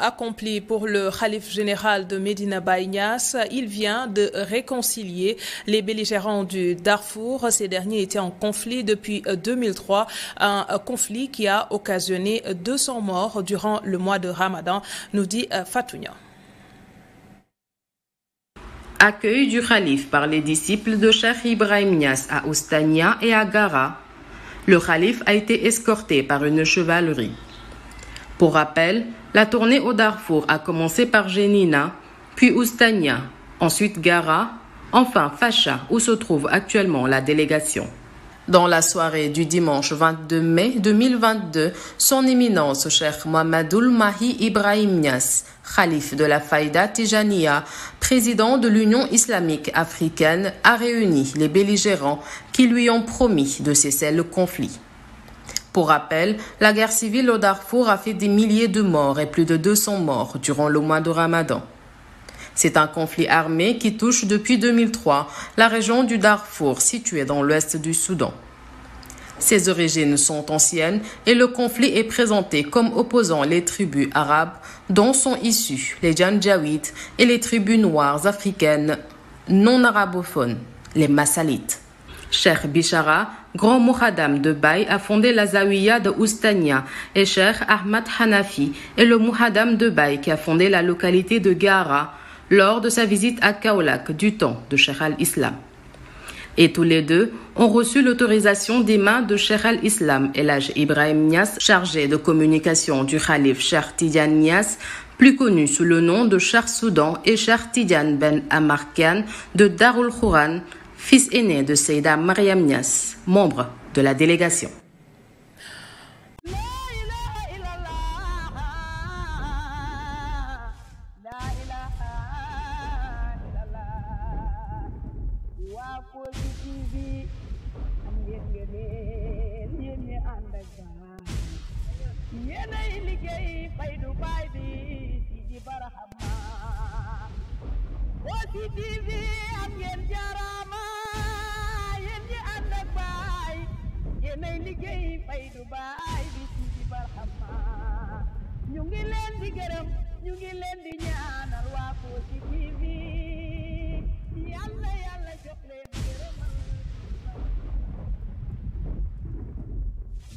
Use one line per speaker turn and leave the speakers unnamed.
accomplie pour le Khalif général de Medina Baïnias, il vient de réconcilier les belligérants du Darfour. Ces derniers étaient en conflit depuis 2003, euh, un euh, conflit qui a occasionné 200 morts durant le mois de Ramadan, nous dit euh, Fatounia.
Accueil du Khalif par les disciples de Cheikh Ibrahim Nias à Oustania et à Gara. Le Khalif a été escorté par une chevalerie. Pour rappel, la tournée au Darfour a commencé par Jenina, puis Oustania, ensuite Gara, enfin Facha, où se trouve actuellement la délégation. Dans la soirée du dimanche 22 mai 2022, son éminence, Cheikh Mohamedoul Mahi Ibrahim Nias, Khalif de la Faïda Tijaniya, président de l'Union islamique africaine, a réuni les belligérants qui lui ont promis de cesser le conflit. Pour rappel, la guerre civile au Darfour a fait des milliers de morts et plus de 200 morts durant le mois de Ramadan. C'est un conflit armé qui touche depuis 2003 la région du Darfour située dans l'ouest du Soudan. Ses origines sont anciennes et le conflit est présenté comme opposant les tribus arabes dont sont issues les Janjaouites et les tribus noires africaines non arabophones, les Massalites. Cheikh Bishara, grand Mouhadam de Baye, a fondé la Zawiya de Oustania et Cheikh Ahmad Hanafi est le muhaddam de Baye qui a fondé la localité de Gara lors de sa visite à Kaolak du temps de Cheikh al-Islam. Et tous les deux ont reçu l'autorisation des mains de Cheikh al-Islam et l'âge Ibrahim Nias, chargé de communication du Khalif Cheikh Tidian Nias, plus connu sous le nom de Cheikh Soudan et Cheikh Tidian Ben Amarkan de Darul khuran fils aîné de Seyda Mariam Nias, membre de la délégation.
liggéey fay ñu ngi leen di gërëm ñu leen di ñaanal waa Kossy TV